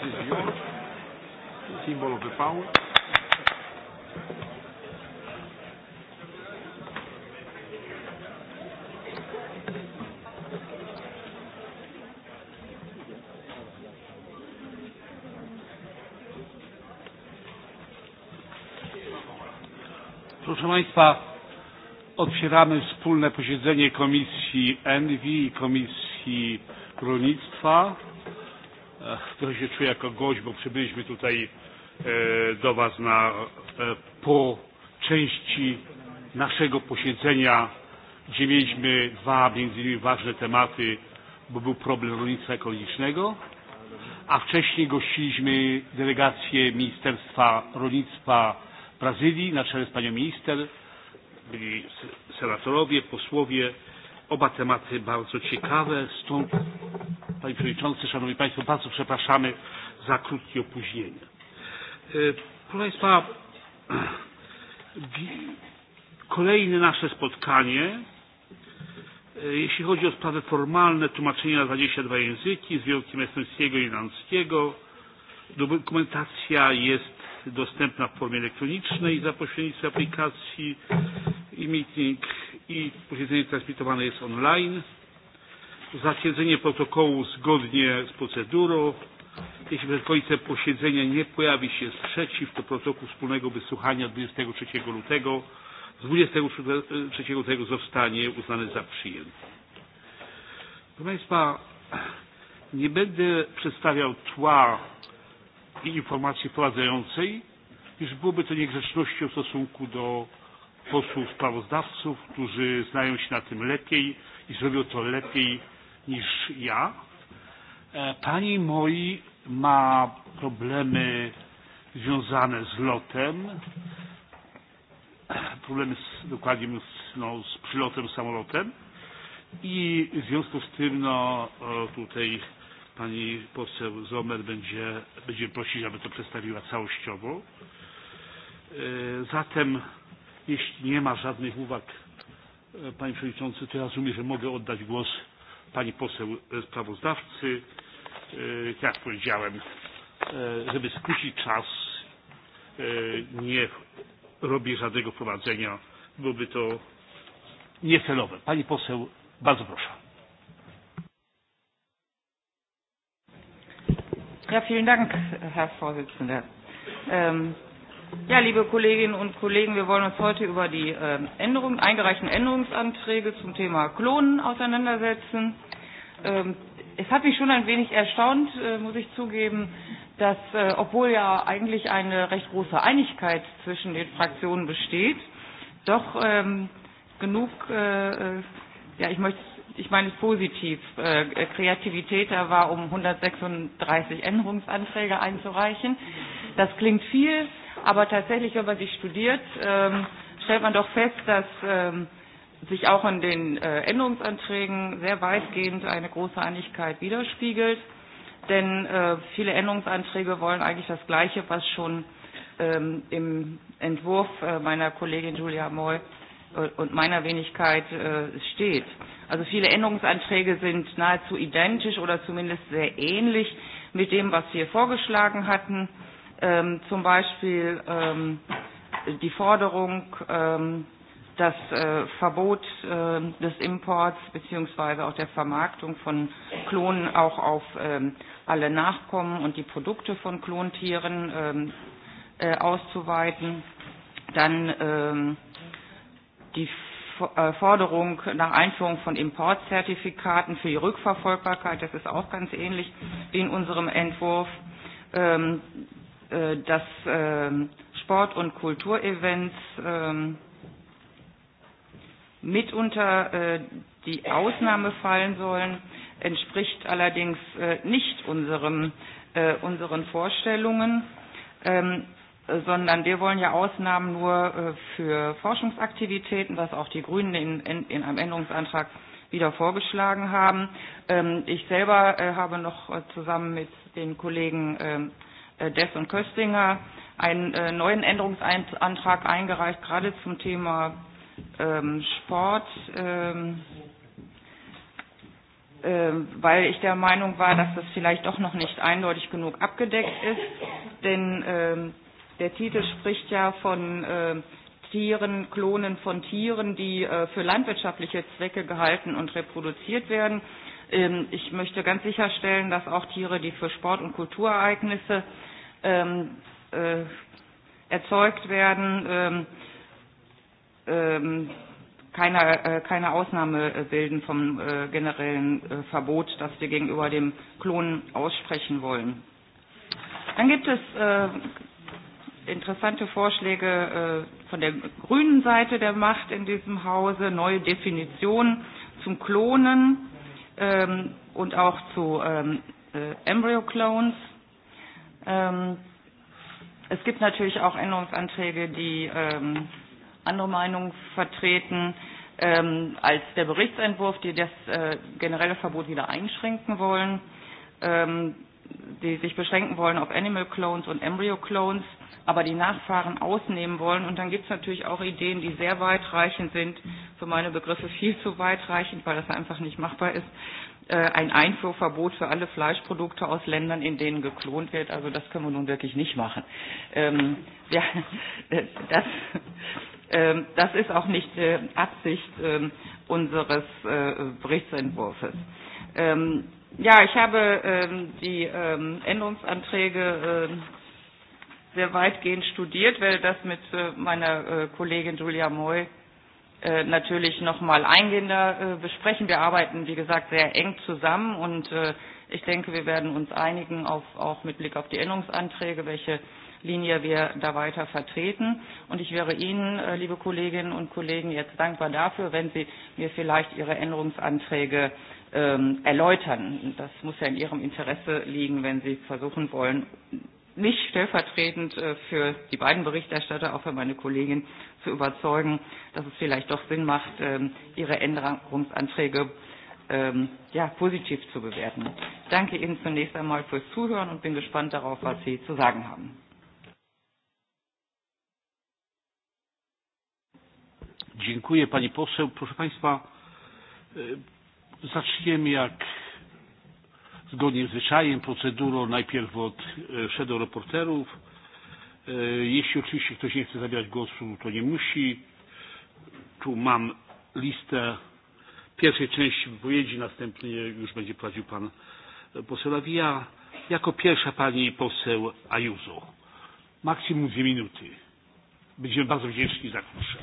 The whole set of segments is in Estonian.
This is your symbol of the power. Proszę Państwa, otwieramy wspólne posiedzenie Komisji Envi i Komisji Rolnictwa. E, trochę się czuję jako gość, bo przybyliśmy tutaj e, do Was na, e, po części naszego posiedzenia, gdzie mieliśmy dwa między innymi ważne tematy, bo był problem rolnictwa ekologicznego, a wcześniej gościliśmy delegację Ministerstwa Rolnictwa Brazylii na czele z panią minister, byli senatorowie, posłowie. Oba tematy bardzo ciekawe, stąd Panie Przewodniczący, Szanowni Państwo, bardzo przepraszamy za krótkie opóźnienie. E, proszę Państwa, kolejne nasze spotkanie, e, jeśli chodzi o sprawy formalne, tłumaczenie na 22 języki z wyjątkiem estońskiego i irlandzkiego. Dokumentacja jest dostępna w formie elektronicznej za pośrednictwem aplikacji e-meeting i posiedzenie transmitowane jest online zatwierdzenie protokołu zgodnie z procedurą. Jeśli przed końcem posiedzenia nie pojawi się sprzeciw, to protokół wspólnego wysłuchania 23 lutego z 23 lutego zostanie uznany za przyjęty. Proszę Państwa, nie będę przedstawiał tła i informacji wprowadzającej, gdyż byłoby to niegrzecznością w stosunku do posłów sprawozdawców, którzy znają się na tym lepiej i zrobią to lepiej niż ja. E, pani Moi ma problemy związane z lotem, problemy z, dokładnie z, no, z przylotem samolotem i w związku z tym no, tutaj pani poseł Zomer będzie, będzie prosić, aby to przedstawiła całościowo. E, zatem jeśli nie ma żadnych uwag, e, panie przewodniczący, to ja rozumiem, że mogę oddać głos pani poseł e, sprawozdawcy. E, jak powiedziałem, e, żeby skrócić czas, nie robię żadnego prowadzenia. Byłoby to niecelowe. Pani poseł, bardzo proszę. Ja, vielen Dank, Herr Vorsitzender. Ähm, Ja, liebe Kolleginnen und Kollegen, wir wollen uns heute über die ähm, Änderung, eingereichten Änderungsanträge zum Thema Klonen auseinandersetzen. Ähm, es hat mich schon ein wenig erstaunt, äh, muss ich zugeben, dass, äh, obwohl ja eigentlich eine recht große Einigkeit zwischen den Fraktionen besteht, doch ähm, genug, äh, ja, ich möchte ich meine es positiv, äh, Kreativität da war, um 136 Änderungsanträge einzureichen. Das klingt viel, Aber tatsächlich, wenn man sie studiert, ähm, stellt man doch fest, dass ähm, sich auch in den äh, Änderungsanträgen sehr weitgehend eine große Einigkeit widerspiegelt. Denn äh, viele Änderungsanträge wollen eigentlich das Gleiche, was schon ähm, im Entwurf äh, meiner Kollegin Julia Moll äh, und meiner Wenigkeit äh, steht. Also viele Änderungsanträge sind nahezu identisch oder zumindest sehr ähnlich mit dem, was wir vorgeschlagen hatten. Äh, ähm, zum Beispiel ähm, die Forderung, ähm, das äh, Verbot äh, des Imports bzw. auch der Vermarktung von Klonen auch auf ähm, alle Nachkommen und die Produkte von Klontieren ähm, äh, auszuweiten. Dann ähm, die äh, Forderung nach Einführung von Importzertifikaten für die Rückverfolgbarkeit, das ist auch ganz ähnlich wie in unserem Entwurf. Ähm, äh, dass äh, Sport- und Kulturevents äh, mitunter äh, die Ausnahme fallen sollen, entspricht allerdings äh, nicht unserem, äh, unseren Vorstellungen, ähm, sondern wir wollen ja Ausnahmen nur äh, für Forschungsaktivitäten, was auch die Grünen in, in, in einem Änderungsantrag wieder vorgeschlagen haben. Ähm, ich selber äh, habe noch äh, zusammen mit den Kollegen äh, Dess und Köstinger einen äh, neuen Änderungsantrag eingereicht, gerade zum Thema ähm, Sport, ähm, äh, weil ich der Meinung war, dass das vielleicht doch noch nicht eindeutig genug abgedeckt ist, denn ähm, der Titel spricht ja von äh, Tieren, Klonen von Tieren, die äh, für landwirtschaftliche Zwecke gehalten und reproduziert werden. Äh, Ähm, ich möchte ganz sicherstellen, dass auch Tiere, die für Sport- und Kulturereignisse ähm, äh, erzeugt werden, ähm, ähm, keine, äh, keine Ausnahme äh, bilden vom äh, generellen äh, Verbot, das wir gegenüber dem Klonen aussprechen wollen. Dann gibt es äh, interessante Vorschläge äh, von der grünen Seite der Macht in diesem Hause, neue Definitionen zum Klonen ähm, und auch zu ähm, äh, Embryo-Clones. Ähm, es gibt natürlich auch Änderungsanträge, die ähm, andere Meinungen vertreten ähm, als der Berichtsentwurf, die das äh, generelle Verbot wieder einschränken wollen. Ähm, die sich beschränken wollen auf Animal Clones und Embryo Clones, aber die Nachfahren ausnehmen wollen. Und dann gibt es natürlich auch Ideen, die sehr weitreichend sind, für meine Begriffe viel zu weitreichend, weil das einfach nicht machbar ist. Äh, ein Einfuhrverbot für alle Fleischprodukte aus Ländern, in denen geklont wird. Also das können wir nun wirklich nicht machen. Ähm, ja, äh, das, äh, das ist auch nicht äh, Absicht äh, unseres äh, Berichtsentwurfs. Ähm, Ja, ich habe ähm, die ähm, Änderungsanträge äh, sehr weitgehend studiert, werde das mit äh, meiner äh, Kollegin Julia Moy äh, natürlich nochmal eingehender äh, besprechen. Wir arbeiten, wie gesagt, sehr eng zusammen und äh, ich denke, wir werden uns einigen, auf, auch mit Blick auf die Änderungsanträge, welche Linie wir da weiter vertreten. Und ich wäre Ihnen, äh, liebe Kolleginnen und Kollegen, jetzt dankbar dafür, wenn Sie mir vielleicht Ihre Änderungsanträge äh, ähm, erläutern. Das muss ja in Ihrem Interesse liegen, wenn Sie versuchen wollen, mich stellvertretend äh, für die beiden Berichterstatter, auch für meine Kollegin, zu überzeugen, dass es vielleicht doch Sinn macht, ähm, Ihre Änderungsanträge ähm, ja, positiv zu bewerten. Ich danke Ihnen zunächst einmal fürs Zuhören und bin gespannt darauf, was Sie zu sagen haben. Dziękuję Pani Poseł. Proszę Państwa, e, Zaczniemy jak zgodnie z zwyczajem, procedurą, najpierw od e, shadow reporterów. E, jeśli oczywiście ktoś nie chce zabierać głosu, to nie musi. Tu mam listę pierwszej części wypowiedzi, następnie już będzie prowadził pan poseł Awija. Jako pierwsza pani poseł Ajuzo. Maksimum dwie minuty. Będziemy bardzo wdzięczni za klucze.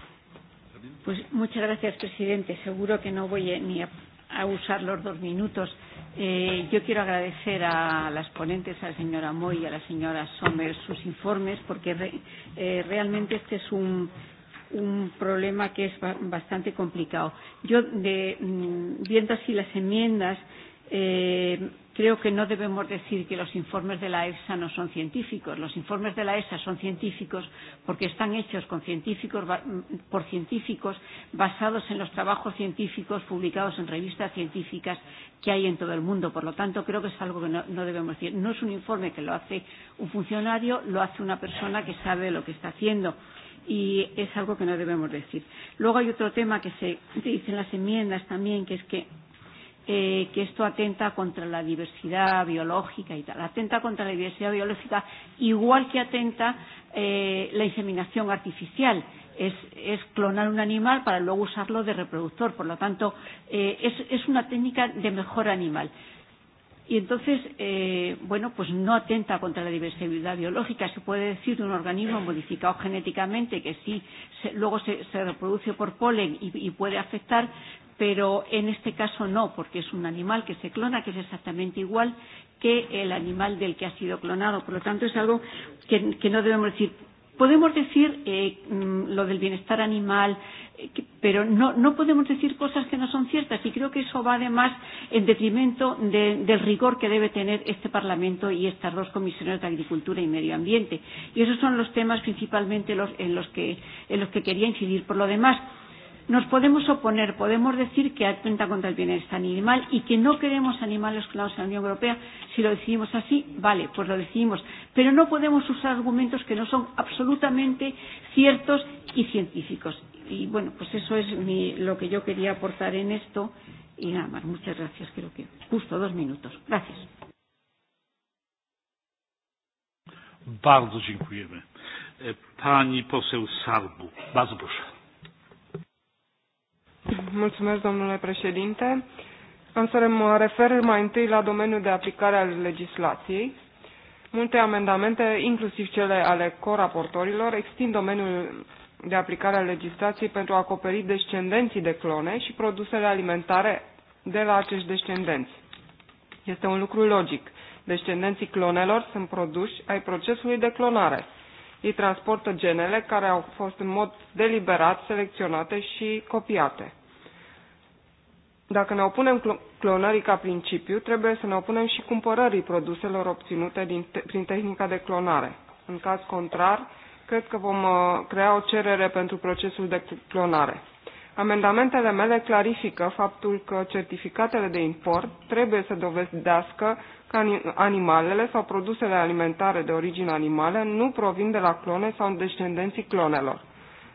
Pues muchas gracias, presidente. Seguro que no voy ni a a usar los dos minutos. Eh, yo quiero agradecer a las ponentes, a la señora Moy y a la señora Sommer, sus informes, porque re, eh, realmente este es un, un problema que es bastante complicado. Yo, de, mm, viendo así las enmiendas, eh, Eh, creo que no debemos decir que los informes de la EFSA no son científicos. Los informes de la EFSA son científicos porque están hechos con científicos, por científicos basados en los trabajos científicos publicados en revistas científicas que hay en todo el mundo. Por lo tanto, creo que es algo que no, no debemos decir. No es un informe que lo hace un funcionario, lo hace una persona que sabe lo que está haciendo y es algo que no debemos decir. Luego hay otro tema que se dice en las enmiendas también, que es que eh, que esto atenta contra la diversidad biológica y tal. Atenta contra la diversidad biológica igual que atenta eh, la inseminación artificial. Es, es clonar un animal para luego usarlo de reproductor. Por lo tanto, eh, es, es una técnica de mejora animal. Y entonces, eh, bueno, pues no atenta contra la diversidad biológica. Se puede decir de un organismo modificado genéticamente que sí, se, luego se, se reproduce por polen y, y puede afectar, pero en este caso no, porque es un animal que se clona, que es exactamente igual que el animal del que ha sido clonado. Por lo tanto, es algo que, que no debemos decir. Podemos decir eh, mm, lo del bienestar animal, eh, que, pero no, no podemos decir cosas que no son ciertas y creo que eso va además en detrimento de, del rigor que debe tener este Parlamento y estas dos comisiones de Agricultura y Medio Ambiente. Y esos son los temas principalmente los, en, los que, en los que quería incidir. Por lo demás, eh, nos podemos oponer, podemos decir que atenta contra el bienestar animal y que no queremos animales clonados en la Unión Europea. Si lo decidimos así, vale, pues lo decidimos. Pero no podemos usar argumentos que no son absolutamente ciertos y científicos. Y bueno, pues eso es mi, lo que yo quería aportar en esto. Y nada más, muchas gracias. Creo que justo dos minutos. Gracias. Bardzo dziękujemy. E, pani poseł Sarbu. Bardzo proszę. Mulțumesc, domnule președinte. Am să mă refer mai întâi la domeniul de aplicare al legislației. Multe amendamente, inclusiv cele ale coraportorilor, extind domeniul de aplicare a legislației pentru a acoperi descendenții de clone și produsele alimentare de la acești descendenți. Este un lucru logic. Descendenții clonelor sunt produși ai procesului de clonare – transportogenele care au fost în mod deliberat selecționate și copiate. Dacă ne opunem clonării ca principiu, trebuie să ne opunem și cumpărării produselor obținute din te- prin tehnica de clonare. În caz contrar, cred că vom uh, crea o cerere pentru procesul de clonare. Amendamentele mele clarifică faptul că certificatele de import trebuie să dovedească că animalele sau produsele alimentare de origine animală nu provin de la clone sau descendenții clonelor.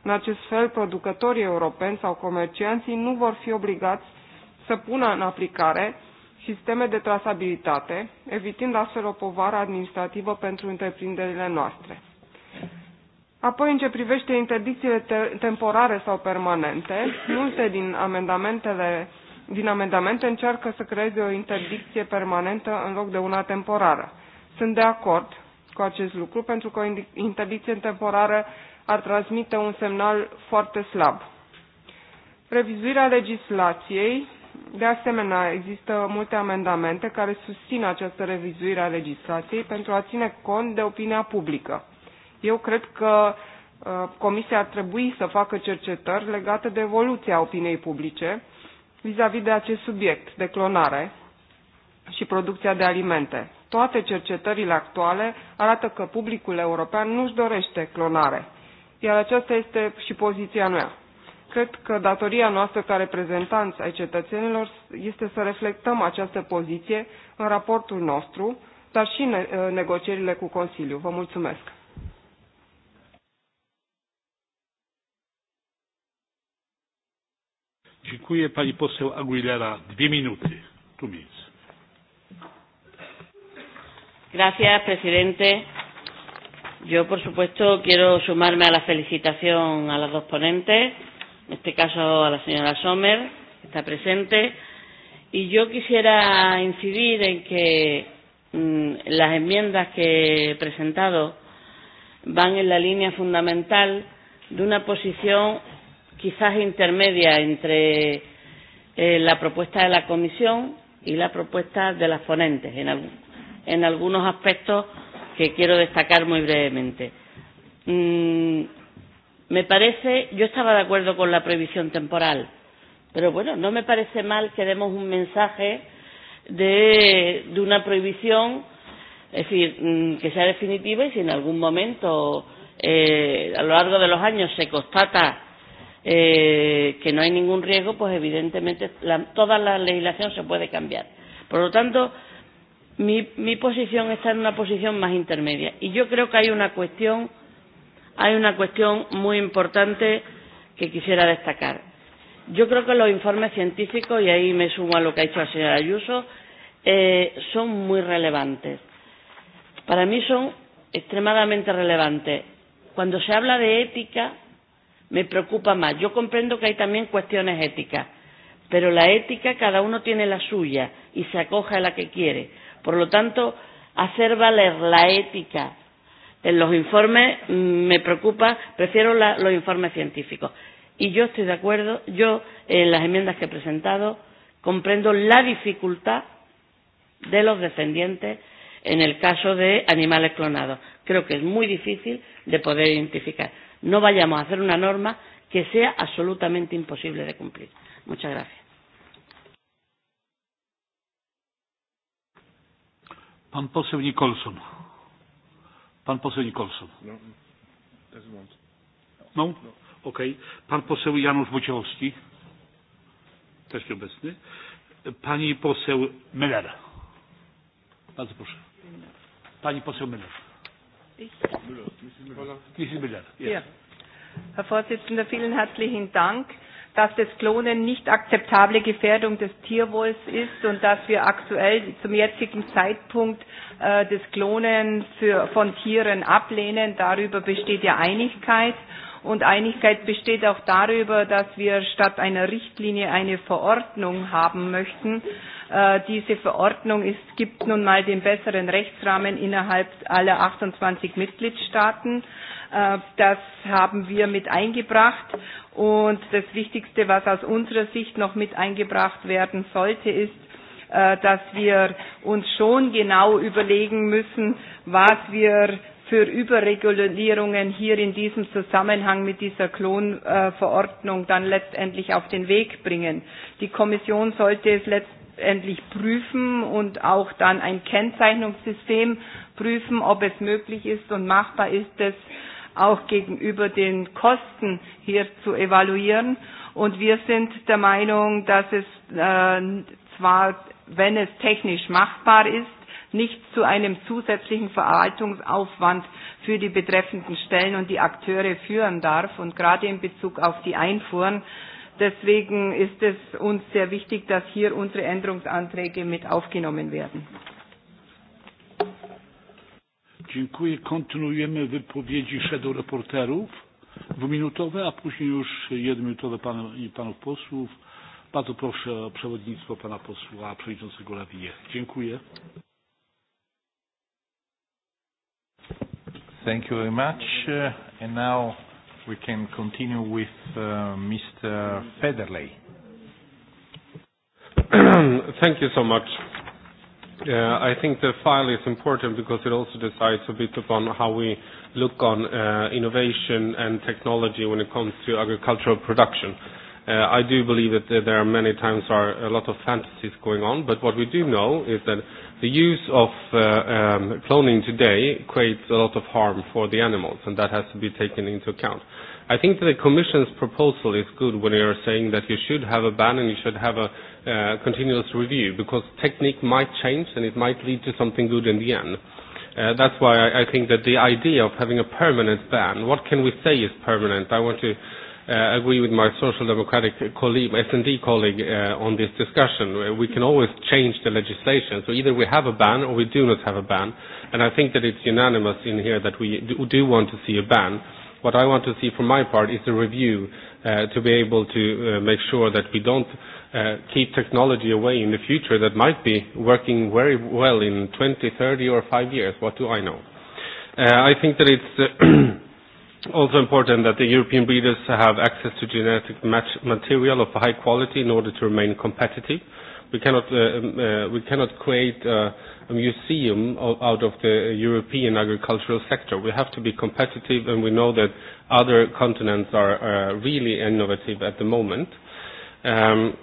În acest fel, producătorii europeni sau comercianții nu vor fi obligați să pună în aplicare sisteme de trasabilitate, evitând astfel o povară administrativă pentru întreprinderile noastre. Apoi, în ce privește interdicțiile te temporare sau permanente, multe din amendamentele din amendamente încearcă să creeze o interdicție permanentă în loc de una temporară. Sunt de acord cu acest lucru pentru că o interdicție temporară ar transmite un semnal foarte slab. Revizuirea legislației, de asemenea, există multe amendamente care susțin această revizuire a legislației pentru a ține cont de opinia publică. Eu cred că uh, Comisia ar trebui să facă cercetări legate de evoluția opiniei publice vis-a-vis -vis de acest subiect de clonare și producția de alimente. Toate cercetările actuale arată că publicul european nu-și dorește clonare, iar aceasta este și poziția mea. Cred că datoria noastră ca reprezentanți ai cetățenilor este să reflectăm această poziție în raportul nostru, dar și în negocierile cu Consiliu. Vă mulțumesc! Dziękuję. Pani poseł Aguilera, dwie minuty. Two minutes. Gracias, presidente. Yo, por supuesto, quiero sumarme a la felicitación a las dos ponentes, en este caso a la señora Sommer, que está presente. Y yo quisiera incidir en que mmm, las enmiendas que he presentado van en la línea fundamental de una posición quizás intermedia entre eh, la propuesta de la Comisión y la propuesta de las ponentes en, al, en algunos aspectos que quiero destacar muy brevemente. Mm, me parece, yo estaba de acuerdo con la prohibición temporal, pero bueno, no me parece mal que demos un mensaje de, de una prohibición, es decir, mm, que sea definitiva y si en algún momento eh, a lo largo de los años se constata eh, que no hay ningún riesgo, pues evidentemente la, toda la legislación se puede cambiar. Por lo tanto, mi, mi posición está en una posición más intermedia. Y yo creo que hay una cuestión, hay una cuestión muy importante que quisiera destacar. Yo creo que los informes científicos, y ahí me sumo a lo que ha dicho la señora Ayuso, eh, son muy relevantes. Para mí son extremadamente relevantes. Cuando se habla de ética, me preocupa más. Yo comprendo que hay también cuestiones éticas, pero la ética cada uno tiene la suya y se acoge a la que quiere. Por lo tanto, hacer valer la ética en los informes mm, me preocupa, prefiero la, los informes científicos. Y yo estoy de acuerdo, yo en las enmiendas que he presentado comprendo la dificultad de los descendientes en el caso de animales clonados. Creo que es muy difícil de poder identificar no vayamos a hacer una norma que sea absolutamente imposible de cumplir. Muchas gracias. Pan poseł Nicholson. Pan poseł Nicholson. No. no? Okej. Okay. Pan poseł Janusz Wojciechowski. Też nieobecny. Pani poseł Miller. Bardzo proszę. Pani poseł Miller. Ich? Mrs. Müller. Ja. Herr Vorsitzender, vielen herzlichen Dank, dass das Klonen nicht akzeptable Gefährdung des Tierwohls ist und dass wir aktuell zum jetzigen Zeitpunkt äh, das Klonen für, von Tieren ablehnen. Darüber besteht ja Einigkeit. Und Einigkeit besteht auch darüber, dass wir statt einer Richtlinie eine Verordnung haben möchten. Äh, diese Verordnung ist, gibt nun mal den besseren Rechtsrahmen innerhalb aller 28 Mitgliedstaaten. Äh, das haben wir mit eingebracht. Und das Wichtigste, was aus unserer Sicht noch mit eingebracht werden sollte, ist, äh, dass wir uns schon genau überlegen müssen, was wir für Überregulierungen hier in diesem Zusammenhang mit dieser Klonverordnung dann letztendlich auf den Weg bringen. Die Kommission sollte es letztendlich prüfen und auch dann ein Kennzeichnungssystem prüfen, ob es möglich ist und machbar ist, das auch gegenüber den Kosten hier zu evaluieren. Und wir sind der Meinung, dass es äh, zwar, wenn es technisch machbar ist, nicht zu einem zusätzlichen Verwaltungsaufwand für die betreffenden Stellen und die Akteure führen darf und gerade in Bezug auf die Einfuhren. Deswegen ist es uns sehr wichtig, dass hier unsere Änderungsanträge mit aufgenommen werden. Dziękuję. Kontynuujemy wypowiedzi shadow reporterów dwuminutowe, a później już jednominutowe pan, i panów posłów. Bardzo proszę o przewodnictwo pana posła przewodniczącego Lawiję. Dziękuję. Thank you very much. Uh, and now we can continue with uh, Mr. Federley. Thank you so much. Uh, I think the file is important because it also decides a bit upon how we look on uh, innovation and technology when it comes to agricultural production. Uh, I do believe that there are many times are a lot of fantasies going on, but what we do know is that The use of uh, um, cloning today creates a lot of harm for the animals, and that has to be taken into account. I think that the Commission's proposal is good when you are saying that you should have a ban and you should have a uh, continuous review because technique might change and it might lead to something good in the end. Uh, that's why I, I think that the idea of having a permanent ban, what can we say is permanent? I want to uh, agree with my social democratic colleague, S&D colleague uh, on this discussion. Uh, we can always change the legislation. So either we have a ban or we do not have a ban. And I think that it's unanimous in here that we do, do want to see a ban. What I want to see from my part is a review uh, to be able to uh, make sure that we don't uh, keep technology away in the future that might be working very well in 20, 30 or 5 years. What do I know? Uh, I think that it's... Uh, Also important that the European breeders have access to genetic match material of high quality in order to remain competitive. We cannot, uh, um, uh, we cannot create uh, a museum of, out of the European agricultural sector. We have to be competitive, and we know that other continents are uh, really innovative at the moment. Um,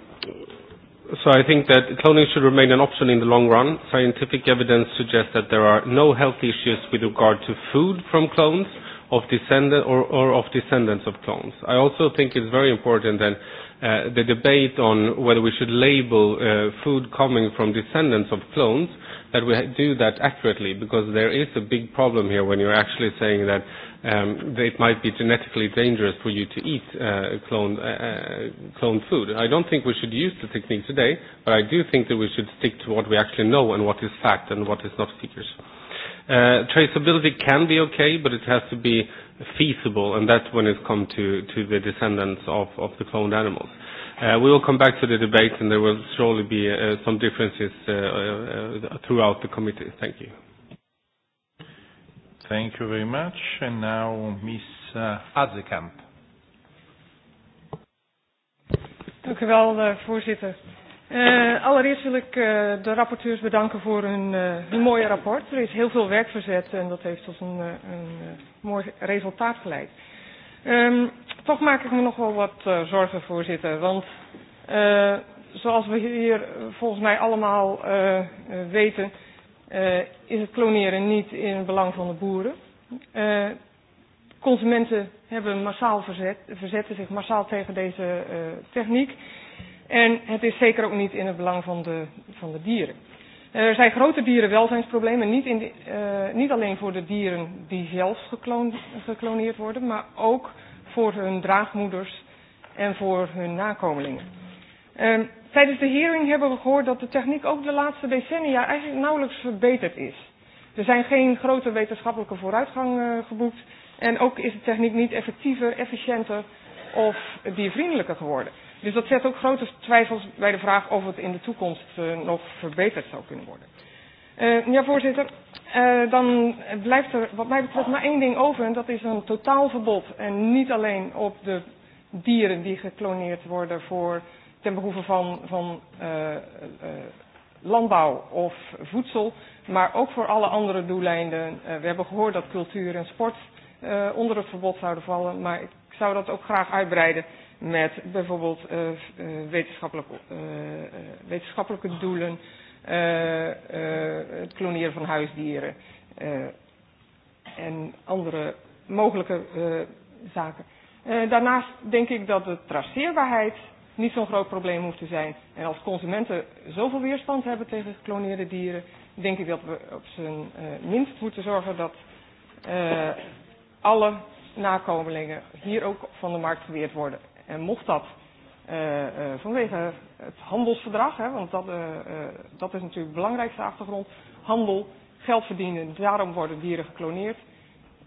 so I think that cloning should remain an option in the long run. Scientific evidence suggests that there are no health issues with regard to food from clones, of descendant or, or of descendants of clones. I also think it's very important that uh, the debate on whether we should label uh, food coming from descendants of clones that we do that accurately because there is a big problem here when you're actually saying that, um, that it might be genetically dangerous for you to eat uh, cloned, uh, uh cloned food. I don't think we should use the technique today, but I do think that we should stick to what we actually know and what is fact and what is not figures. Uh, Uh, traceability can be okay, but it has to be feasible, and that's when it comes to, to the descendants of, of the cloned animals. Uh, we will come back to the debate, and there will surely be uh, some differences uh, uh, uh throughout the committee. Thank you. Thank you very much. And now, Ms. Uh, Azekamp. Dank u wel, uh, voorzitter. Uh, allereerst wil ik uh, de rapporteurs bedanken voor hun, uh, hun mooie rapport. Er is heel veel werk verzet en dat heeft tot een, uh, een uh, mooi resultaat geleid. Um, toch maak ik me nog wel wat uh, zorgen, voorzitter. Want uh, zoals we hier volgens mij allemaal uh, weten, uh, is het kloneren niet in het belang van de boeren. Uh, consumenten hebben massaal verzet, verzetten zich massaal tegen deze uh, techniek. En het is zeker ook niet in het belang van de, van de dieren. Er zijn grote dierenwelzijnsproblemen, niet, in de, uh, niet alleen voor de dieren die zelf gekloon, gekloneerd worden, maar ook voor hun draagmoeders en voor hun nakomelingen. Uh, tijdens de hearing hebben we gehoord dat de techniek ook de laatste decennia eigenlijk nauwelijks verbeterd is. Er zijn geen grote wetenschappelijke vooruitgang uh, geboekt en ook is de techniek niet effectiever, efficiënter of diervriendelijker geworden. Dus dat zet ook grote twijfels bij de vraag of het in de toekomst uh, nog verbeterd zou kunnen worden. Uh, ja, voorzitter. Uh, dan blijft er wat mij betreft maar één ding over en dat is een totaalverbod. En niet alleen op de dieren die gekloneerd worden voor, ten behoeve van, van uh, uh, landbouw of voedsel, maar ook voor alle andere doeleinden. Uh, we hebben gehoord dat cultuur en sport uh, onder het verbod zouden vallen, maar ik zou dat ook graag uitbreiden met bijvoorbeeld uh, uh, wetenschappelijke, uh, wetenschappelijke doelen, uh, uh, het kloneren van huisdieren uh, en andere mogelijke uh, zaken. Uh, daarnaast denk ik dat de traceerbaarheid niet zo'n groot probleem hoeft te zijn. En als consumenten zoveel weerstand hebben tegen gekloneerde dieren, denk ik dat we op zijn uh, minst moeten zorgen dat uh, alle nakomelingen hier ook van de markt geweerd worden. En mocht dat uh, uh, vanwege het handelsverdrag, hè, want dat, uh, uh, dat is natuurlijk de belangrijkste achtergrond, handel, geld verdienen, daarom worden dieren gekloneerd.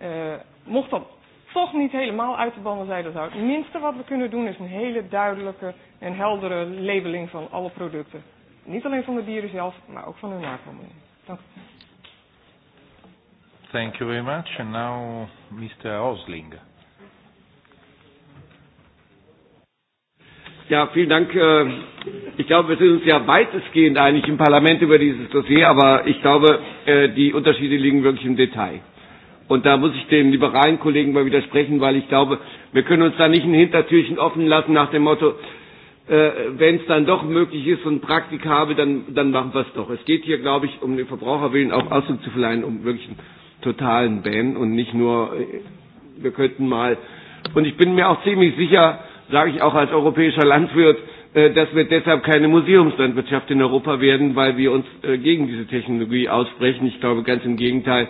Uh, mocht dat toch niet helemaal uit de banden zijn, dan zou het minste wat we kunnen doen is een hele duidelijke en heldere labeling van alle producten. Niet alleen van de dieren zelf, maar ook van hun nakomelingen. Dank u. Thank you very much. And now Mr. Osling. Ja, vielen Dank. Äh, ich glaube, wir sind uns ja weitestgehend einig im Parlament über dieses Dossier, aber ich glaube, äh, die Unterschiede liegen wirklich im Detail. Und da muss ich den liberalen Kollegen mal widersprechen, weil ich glaube, wir können uns da nicht ein Hintertürchen offen lassen nach dem Motto, äh, wenn es dann doch möglich ist und praktikabel, dann, dann machen wir es doch. Es geht hier, glaube ich, um den Verbraucherwillen auch Ausdruck zu verleihen, um wirklich einen totalen Ban und nicht nur, äh, wir könnten mal. Und ich bin mir auch ziemlich sicher, sage ich auch als europäischer Landwirt, äh, dass wir deshalb keine Museumslandwirtschaft in Europa werden, weil wir uns äh, gegen diese Technologie aussprechen. Ich glaube ganz im Gegenteil,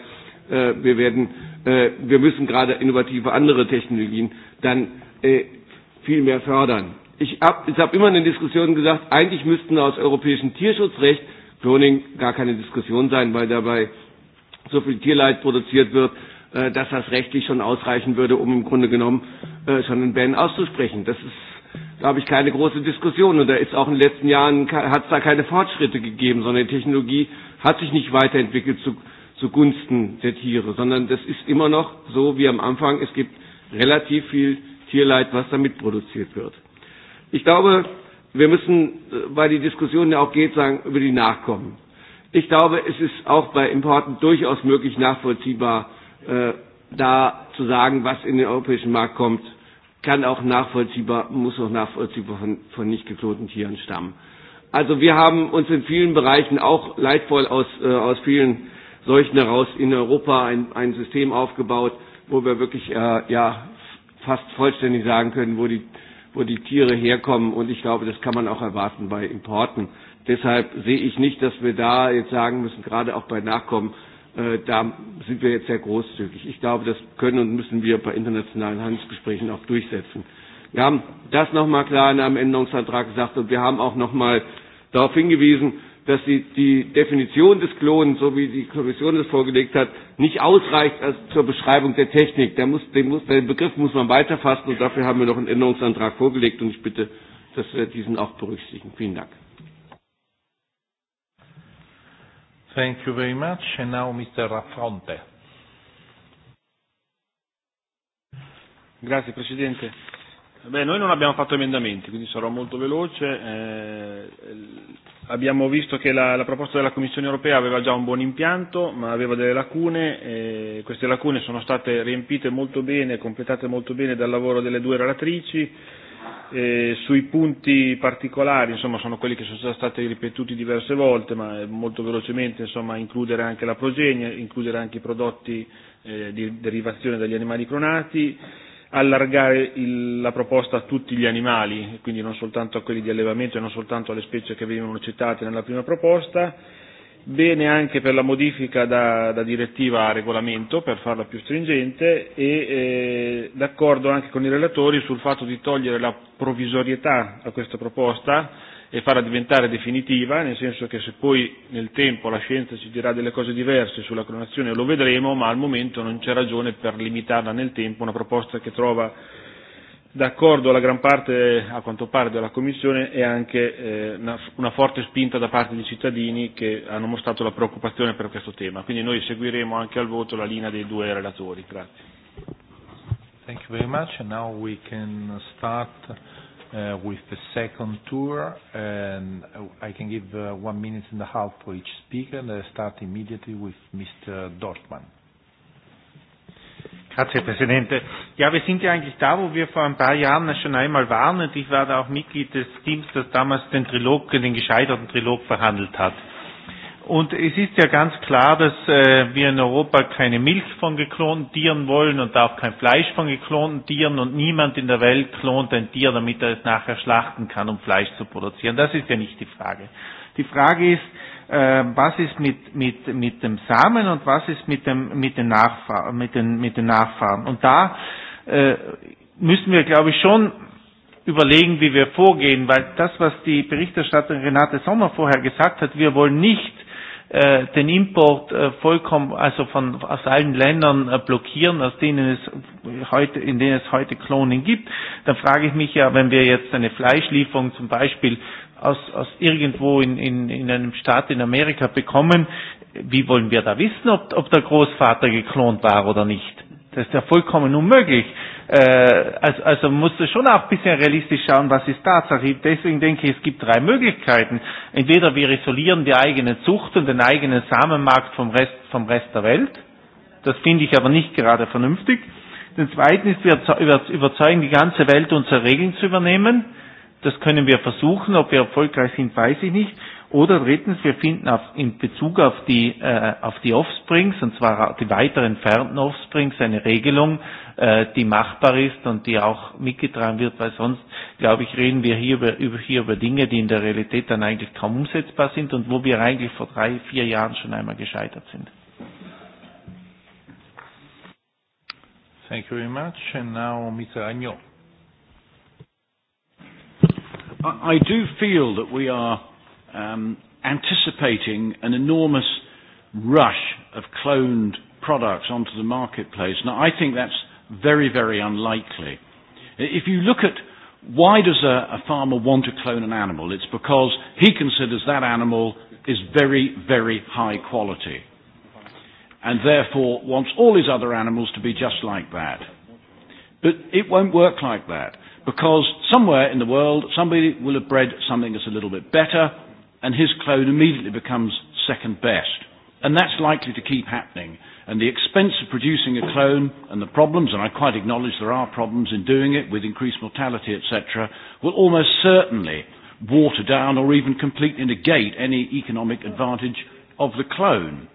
äh, wir, werden, wir müssen gerade innovative andere Technologien dann viel mehr fördern. Ich habe ich hab immer in den Diskussionen gesagt, eigentlich müssten aus europäischem Tierschutzrecht Cloning gar keine Diskussion sein, weil dabei so viel Tierleid produziert wird, dass das rechtlich schon ausreichen würde, um im Grunde genommen äh, schon in Bern auszusprechen. Das ist, glaube ich, keine große Diskussion. Und da er ist auch in den letzten Jahren, hat es da keine Fortschritte gegeben, sondern die Technologie hat sich nicht weiterentwickelt zu, zugunsten der Tiere, sondern das ist immer noch so wie am Anfang. Es gibt relativ viel Tierleid, was damit produziert wird. Ich glaube, wir müssen, äh, weil die Diskussion ja auch geht, sagen, über die Nachkommen. Ich glaube, es ist auch bei Importen durchaus möglich nachvollziehbar, äh, da zu sagen, was in den europäischen Markt kommt kann auch nachvollziehbar, muss auch nachvollziehbar von, von nicht geklonten Tieren stammen. Also wir haben uns in vielen Bereichen auch leidvoll aus, äh, aus vielen Seuchen heraus in Europa ein, ein System aufgebaut, wo wir wirklich äh, ja, fast vollständig sagen können, wo die, wo die Tiere herkommen. Und ich glaube, das kann man auch erwarten bei Importen. Deshalb sehe ich nicht, dass wir da jetzt sagen müssen, gerade auch bei Nachkommen, Äh, da sind wir jetzt sehr großzügig. Ich glaube, das können und müssen wir bei internationalen Handelsgesprächen auch durchsetzen. Wir haben das nochmal klar in einem Änderungsantrag gesagt und wir haben auch nochmal darauf hingewiesen, dass die, die Definition des Klonens, so wie die Kommission es vorgelegt hat, nicht ausreicht als zur Beschreibung der Technik. Der muss, den, muss, den Begriff muss man weiterfassen und dafür haben wir noch einen Änderungsantrag vorgelegt und ich bitte, dass wir diesen auch berücksichtigen. Vielen Dank. Thank you very much. And now Mr. Raffronte. Grazie Presidente. Beh, noi non abbiamo fatto emendamenti, quindi sarò molto veloce. Eh, abbiamo visto che la, la proposta della Commissione europea aveva già un buon impianto, ma aveva delle lacune. Eh, queste lacune sono state riempite molto bene, completate molto bene dal lavoro delle due relatrici Eh, sui punti particolari, insomma, sono quelli che sono già stati ripetuti diverse volte, ma eh, molto velocemente, insomma, includere anche la progenie, includere anche i prodotti eh, di derivazione dagli animali clonati, allargare il, la proposta a tutti gli animali, quindi non soltanto a quelli di allevamento e non soltanto alle specie che venivano citate nella prima proposta, Bene anche per la modifica da, da direttiva a regolamento per farla più stringente e eh, d'accordo anche con i relatori sul fatto di togliere la provvisorietà a questa proposta e farla diventare definitiva, nel senso che se poi nel tempo la scienza ci dirà delle cose diverse sulla clonazione lo vedremo, ma al momento non c'è ragione per limitarla nel tempo, una proposta che trova d'accordo alla gran parte, a quanto pare, della Commissione e anche eh, una, una forte spinta da parte di cittadini che hanno mostrato la preoccupazione per questo tema. Quindi noi seguiremo anche al voto la linea dei due relatori. Grazie. Thank you very much. And now we can start uh, with the second tour. And uh, I can give uh, one minute and a half for each speaker. And I start immediately with Mr. Dortmann. Grazie, Präsidente. Ja, wir sind ja eigentlich da, wo wir vor ein paar Jahren schon einmal waren und ich war da auch Mitglied des Teams, das damals den Trilog, den gescheiterten Trilog verhandelt hat. Und es ist ja ganz klar, dass äh, wir in Europa keine Milch von geklonten Tieren wollen und auch kein Fleisch von geklonten Tieren und niemand in der Welt klont ein Tier, damit er es nachher schlachten kann, um Fleisch zu produzieren. Das ist ja nicht die Frage. Die Frage ist, Äh, was ist mit, mit, mit dem Samen und was ist mit, dem, mit, den, Nachfahren, mit, den, mit den Nachfahren. Und da äh, müssen wir, glaube ich, schon überlegen, wie wir vorgehen, weil das, was die Berichterstatterin Renate Sommer vorher gesagt hat, wir wollen nicht äh, den Import äh, vollkommen, also von, aus allen Ländern äh, blockieren, aus denen es heute, in denen es heute Klonen gibt, dann frage ich mich ja, wenn wir jetzt eine Fleischlieferung zum Beispiel aus, aus irgendwo in, in, in einem Staat in Amerika bekommen. Wie wollen wir da wissen, ob, ob der Großvater geklont war oder nicht? Das ist ja vollkommen unmöglich. Äh, also, also musst du schon auch ein bisschen realistisch schauen, was ist Tatsache. Deswegen denke ich, es gibt drei Möglichkeiten. Entweder wir isolieren die eigene Zucht und den eigenen Samenmarkt vom Rest, vom Rest der Welt. Das finde ich aber nicht gerade vernünftig. Den zweiten ist, wir überzeugen die ganze Welt, unsere Regeln zu übernehmen. Äh, Das können wir versuchen. Ob wir erfolgreich sind, weiß ich nicht. Oder drittens, wir finden auf, in Bezug auf die, äh, auf die Offsprings, und zwar die weit entfernten Offsprings, eine Regelung, äh, die machbar ist und die auch mitgetragen wird, weil sonst, glaube ich, reden wir hier über, über, hier über Dinge, die in der Realität dann eigentlich kaum umsetzbar sind und wo wir eigentlich vor drei, vier Jahren schon einmal gescheitert sind. Thank you very much. And now Mr. Agnew. I, I do feel that we are um, anticipating an enormous rush of cloned products onto the marketplace. Now, I think that's very, very unlikely. If you look at why does a, a farmer want to clone an animal? It's because he considers that animal is very, very high quality and therefore wants all his other animals to be just like that. But it won't work like that because somewhere in the world somebody will have bred something that's a little bit better and his clone immediately becomes second best. And that's likely to keep happening. And the expense of producing a clone and the problems, and I quite acknowledge there are problems in doing it with increased mortality, etc., will almost certainly water down or even completely negate any economic advantage of the clone.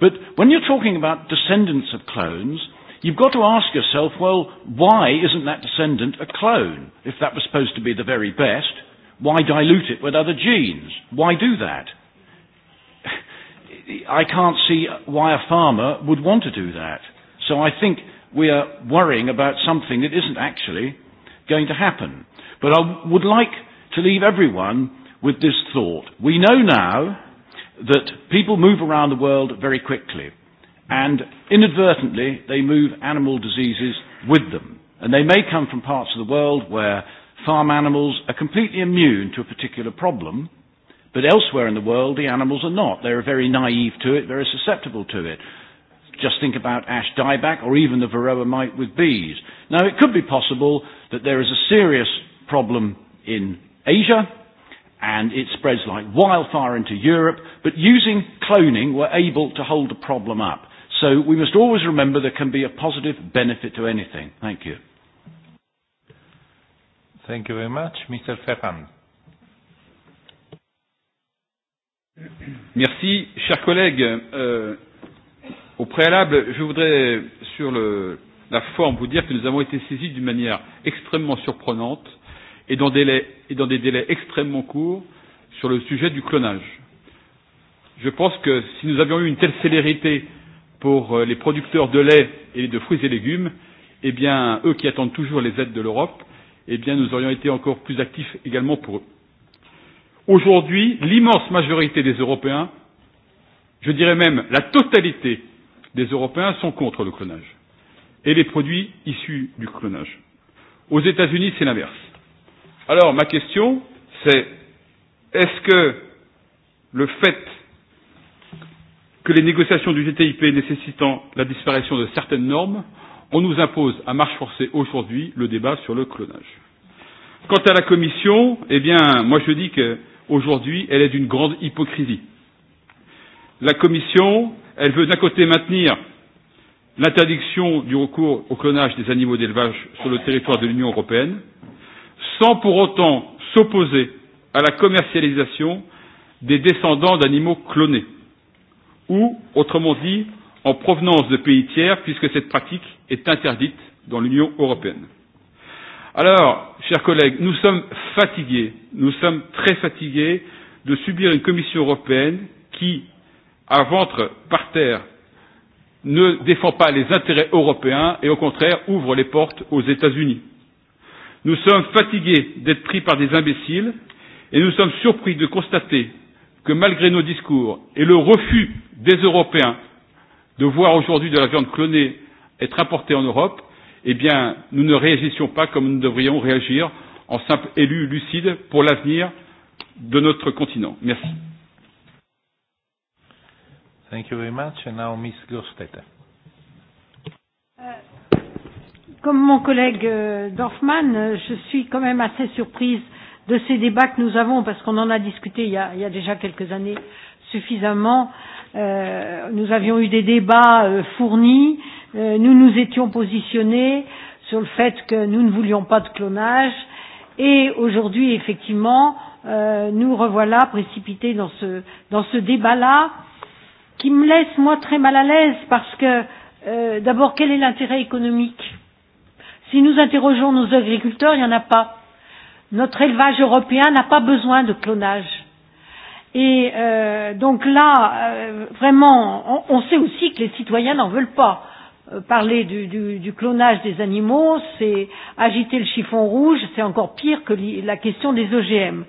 But when you're talking about descendants of clones, You've got to ask yourself, well, why isn't that descendant a clone? If that was supposed to be the very best, why dilute it with other genes? Why do that? I can't see why a farmer would want to do that. So I think we are worrying about something that isn't actually going to happen. But I would like to leave everyone with this thought. We know now that people move around the world very quickly and inadvertently they move animal diseases with them. And they may come from parts of the world where farm animals are completely immune to a particular problem, but elsewhere in the world the animals are not. They're very naive to it, very susceptible to it. Just think about ash dieback or even the varroa mite with bees. Now it could be possible that there is a serious problem in Asia, and it spreads like wildfire into Europe, but using cloning, we're able to hold the problem up. So we must always remember there can be a positive benefit to anything. Thank you. Thank you very much. Mr. Ferrand. Merci, chers collègues. Euh, au préalable, je voudrais, sur le, la forme, vous dire que nous avons été saisis d'une manière extrêmement surprenante et dans, délai, et dans des délais extrêmement courts sur le sujet du clonage. Je pense que si nous avions eu une telle célérité euh, pour euh, les producteurs de lait et de fruits et légumes, eh bien, eux qui attendent toujours les aides de l'Europe, eh bien, nous aurions été encore plus actifs également pour eux. Aujourd'hui, l'immense majorité des Européens, je dirais même la totalité des Européens, sont contre le clonage et les produits issus du clonage. Aux États-Unis, c'est l'inverse. Alors, ma question, c'est est-ce que le fait que les négociations du TTIP nécessitant la disparition de certaines normes, on nous impose à marche forcée aujourd'hui le débat sur le clonage. Quant à la Commission, eh bien, moi je dis qu'aujourd'hui, elle est d'une grande hypocrisie. La Commission, elle veut d'un côté maintenir l'interdiction du recours au clonage des animaux d'élevage sur le territoire de l'Union européenne, sans pour autant s'opposer à la commercialisation des descendants d'animaux clonés ou, autrement dit, en provenance de pays tiers, puisque cette pratique est interdite dans l'Union européenne. Alors, chers collègues, nous sommes fatigués, nous sommes très fatigués de subir une Commission européenne qui, à ventre par terre, ne défend pas les intérêts européens et, au contraire, ouvre les portes aux États Unis. Nous sommes fatigués d'être pris par des imbéciles et nous sommes surpris de constater que malgré nos discours et le refus des Européens de voir aujourd'hui de la viande clonée être importée en Europe, eh bien, nous ne réagissions pas comme nous devrions réagir en simples élus lucides pour l'avenir de notre continent. Merci. Thank you very much. And now Ms. Grosstetter. Euh, comme mon collègue euh, Dorfman, je suis quand même assez surprise de ces débats que nous avons, parce qu'on en a discuté il y a, il y a déjà quelques années suffisamment. Euh, nous avions eu des débats euh, fournis, euh, nous nous étions positionnés sur le fait que nous ne voulions pas de clonage, et aujourd'hui, effectivement, euh, nous revoilà précipités dans ce, dans ce débat-là, qui me laisse, moi, très mal à l'aise, parce que, euh, d'abord, quel est l'intérêt économique Si nous interrogeons nos agriculteurs, il n'y en a pas Notre élevage européen n'a pas besoin de clonage. Et euh, donc là, euh, vraiment, on, on sait aussi que les citoyens n'en veulent pas. Euh, parler du, du, du clonage des animaux, c'est agiter le chiffon rouge, c'est encore pire que la question des OGM.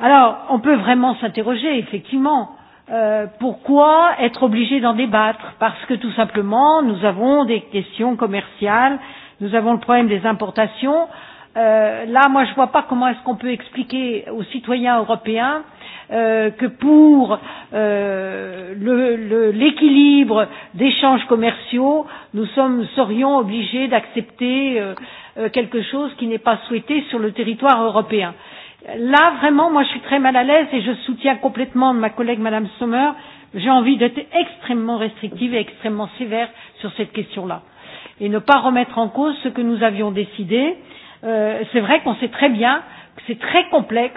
Alors, on peut vraiment s'interroger, effectivement, euh, pourquoi être obligé d'en débattre Parce que tout simplement, nous avons des questions commerciales, nous avons le problème des importations, euh, là, moi, je ne vois pas comment est-ce qu'on peut expliquer aux citoyens européens euh, que pour euh, l'équilibre d'échanges commerciaux, nous sommes, serions obligés d'accepter euh, euh, quelque chose qui n'est pas souhaité sur le territoire européen. Là, vraiment, moi, je suis très mal à l'aise et je soutiens complètement ma collègue Madame Sommer. J'ai envie d'être extrêmement restrictive et extrêmement sévère sur cette question-là et ne pas remettre en cause ce que nous avions décidé euh, Euh, c'est vrai qu'on sait très bien que c'est très complexe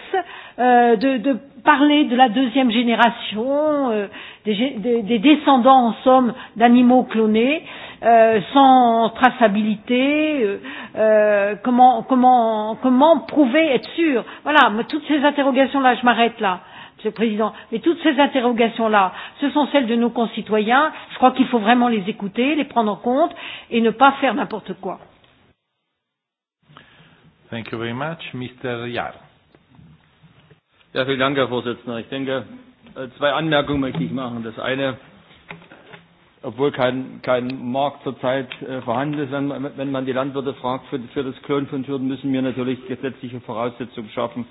euh, de, de parler de la deuxième génération, euh, des, des, des descendants en somme d'animaux clonés, euh, sans traçabilité, euh, euh comment, comment, comment prouver, être sûr. Voilà, mais toutes ces interrogations-là, je m'arrête là. Monsieur le Président, mais toutes ces interrogations-là, ce sont celles de nos concitoyens. Je crois qu'il faut vraiment les écouter, les prendre en compte et ne pas faire n'importe quoi. Thank you very much. Mr. Jahr. Ja, vielen Dank, Herr Vorsitzender. Ich denke, äh, zwei Anmerkungen möchte ich machen. Das eine, obwohl kein, kein Markt zurzeit äh, vorhanden ist, wenn man, wenn man die Landwirte fragt für, für das Klonen von Hürden, müssen wir natürlich gesetzliche Voraussetzungen schaffen,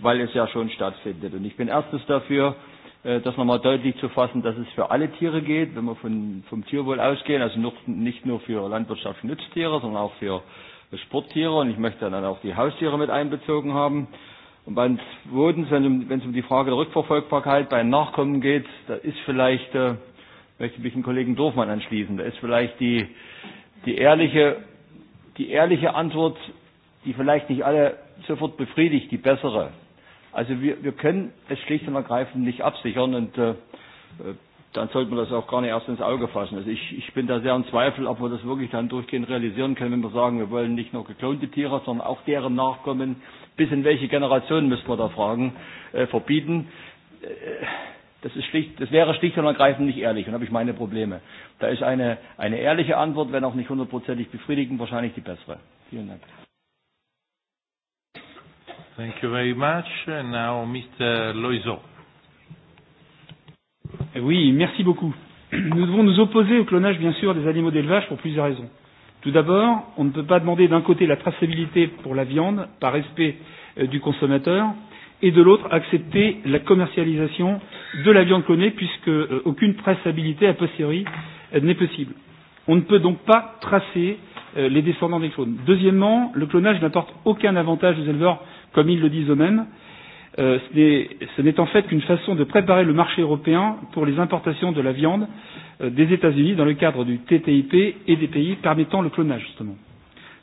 weil es ja schon stattfindet. Und ich bin erstens dafür, äh, das nochmal deutlich zu fassen, dass es für alle Tiere geht, wenn wir von, vom Tierwohl ausgehen, also noch, nicht nur für Landwirtschaft und Nutztiere, sondern auch für äh, Sporttiere und ich möchte dann auch die Haustiere mit einbezogen haben. Und beim zweiten, wenn es um, um die Frage der Rückverfolgbarkeit bei Nachkommen geht, da ist vielleicht, äh, möchte mich dem Kollegen Dorfmann anschließen, da ist vielleicht die, die, ehrliche, die ehrliche Antwort, die vielleicht nicht alle sofort befriedigt, die bessere. Also wir, wir können es schlicht und ergreifend nicht absichern und äh, dann sollte man das auch gar nicht erst ins Auge fassen. Also ich, ich bin da sehr im Zweifel, ob wir das wirklich dann durchgehend realisieren können, wenn wir sagen, wir wollen nicht nur geklonte Tiere, sondern auch deren Nachkommen, bis in welche Generation müssen wir da fragen, äh, verbieten. Äh, das, ist schlicht, das wäre schlicht und ergreifend nicht ehrlich und habe ich meine Probleme. Da ist eine, eine ehrliche Antwort, wenn auch nicht hundertprozentig befriedigend, wahrscheinlich die bessere. Vielen Dank. Thank you very much. Now Mr. Loiseau. Oui, merci beaucoup. Nous devons nous opposer au clonage, bien sûr, des animaux d'élevage pour plusieurs raisons. Tout d'abord, on ne peut pas demander d'un côté la traçabilité pour la viande, par respect euh, du consommateur, et de l'autre accepter la commercialisation de la viande clonée, puisque euh, aucune traçabilité a posteriori euh, n'est possible. On ne peut donc pas tracer euh, les descendants des clones. Deuxièmement, le clonage n'apporte aucun avantage aux éleveurs, comme ils le disent eux-mêmes. Euh, euh, ce n'est en fait qu'une façon de préparer le marché européen pour les importations de la viande euh, des États-Unis dans le cadre du TTIP et des pays permettant le clonage, justement.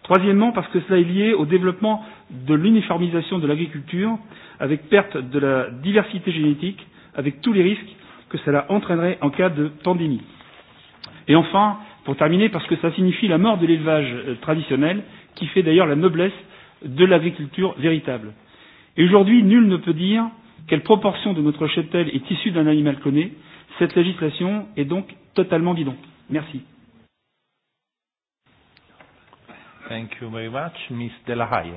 Troisièmement, parce que cela est lié au développement de l'uniformisation de l'agriculture, avec perte de la diversité génétique, avec tous les risques que cela entraînerait en cas de pandémie. Et enfin, pour terminer, parce que ça signifie la mort de l'élevage euh, traditionnel, qui fait d'ailleurs la noblesse de l'agriculture véritable. Et aujourd'hui, nul ne peut dire quelle proportion de notre cheptel est issue d'un animal cloné. Cette législation est donc totalement bidon. Merci. Thank you very much, Ms. Delahaye.